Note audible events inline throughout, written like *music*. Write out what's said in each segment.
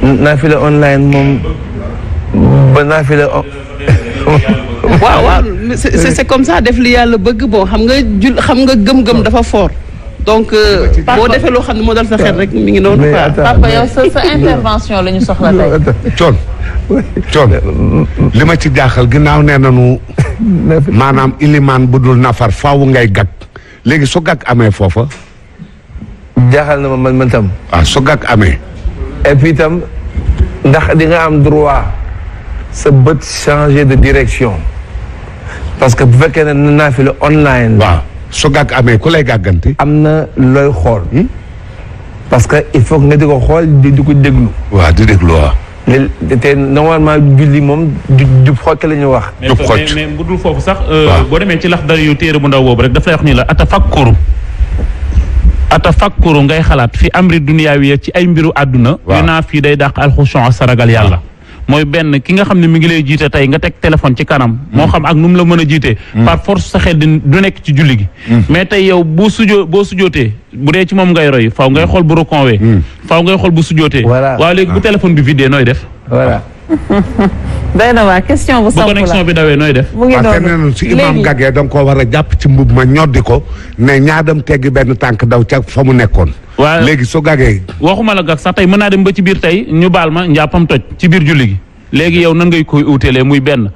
naafila online moom ba naafila *laughs* waaw waaw c'est comme saa def li yàlla bëgg boo xam nga xam nga gëm-gëm dafa foor donc euh, boo defee loo xam ne moo dal sa xel rek mu ngi noonu quoi. papa yow sa sa *laughs* intervention la soxla tey. coon coon li ma ci jaaxal ginnaaw nee nañu maanaam ilimaan bu dul nafar faaw ngay gag léegi su gag amee foofa. jaaxal na ma man man tam. waaw ah, su gag amee. et puis itam ndax di nga am droit sa bët changer de direction parce que bu fekkee ne na naa fi la online. waaw su gàgg amee ku lay gàgganti. am na looy xool. parce que il faut nga di ko xool di di ko déglu. waaw di déglu waaw. te normalement julli moom du du xocc la ñuy wax. du xocc mais mais bu dul foofu sax. boo demee ci lax dara yu téere bu ndaw boobu rek daf lay wax ni la atafakkur. atafakkuru ngay xalaat fi amri duniyaawiya ci ay mbiru àdduna yu naa fii day dàq alxushon a saragal yàlla mooy benn ki nga xam ne mu ngi lay jiite tey nga teg téléphone ci kanam moo mm. xam ak nu mu la mën a jiitee mm. par force sa xel du nekk ci julli gi mm. mais tey yow boo sujoo boo sujootee bu dee ci moom ngay roy faw ngay xool bu reconwee faw ngay xool bu sujootee waaw léegi bu ah. téléphone bi vidéo nooy def *laughs* day na waa question bu samp la bu connexion bi dawee nooy def. mu ngi noonu léegi si imam Gagé da nga koo war a jàpp ci mbub ma ñoddi ko ne ñaadam teggi benn tànk daw ca fa mu nekkoon. waaw léegi su Gagé. waxuma la gag sax tey mën naa dem ba ci biir tey ñu baal ma njàppam toj ci biir julli gi léegi yow nan ngay koy uutelee muy benn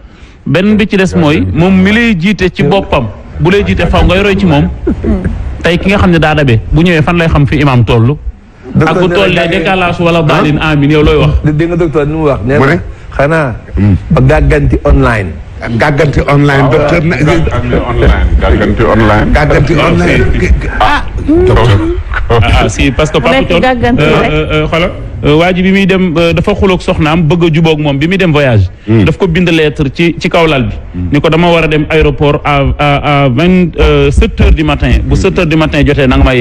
benn bi ci des mooy moom mi lay jiite ci boppam bu lay jiite faw ngay roy ci moom tey ki nga xam ne daa dabe bu ñëwee fan lay xam fi imam toll. ak bu tollee décalage wala ah? baalin amin yow looy wax. dégg nga docteur ni mu wax. xanaa. Hmm. ba gàgganti online. gàgganti online docteur online gàgganti online. gàgganti online ah! ah. ah si parce que. Pape euh, euh, euh, waa ji bi muy dem dafa xuloog soxnaam bëgg a moom bi muy dem voyage. Hmm. daf ko bind lettre ci ci kaw lal bi. Hmm. ni ko dama war a dem aéroport à à à vingt sept du matin bu sept heures du matin jotee na nga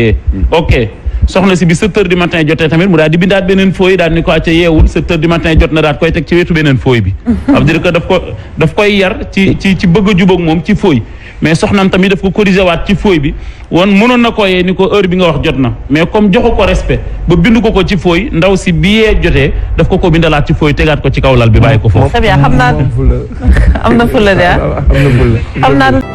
ok. soxna si bi sept heures du matin jotee tamit mu daal di bindaat beneen fooy daal ni ko acca yeewul sept heures du matin jot na daal koy teg ci wetu beneen fooy bi am mhm. dire daf ko daf koy yar ci ci bëgg a jubóog moom ci fooy mais soxnaam tamit daf ko corrigé waat ci fooy bi woon mënoon na ko yee ni ko heure bi nga wax jot na mais comme joxu ko respect ba bind ko ko ci fooy ndaw si bi yee jotee daf ko ko bindalaat ci fooy tegaat ko ci kaw lal bi bàyyi ko foofu. xam naa am na *laughs*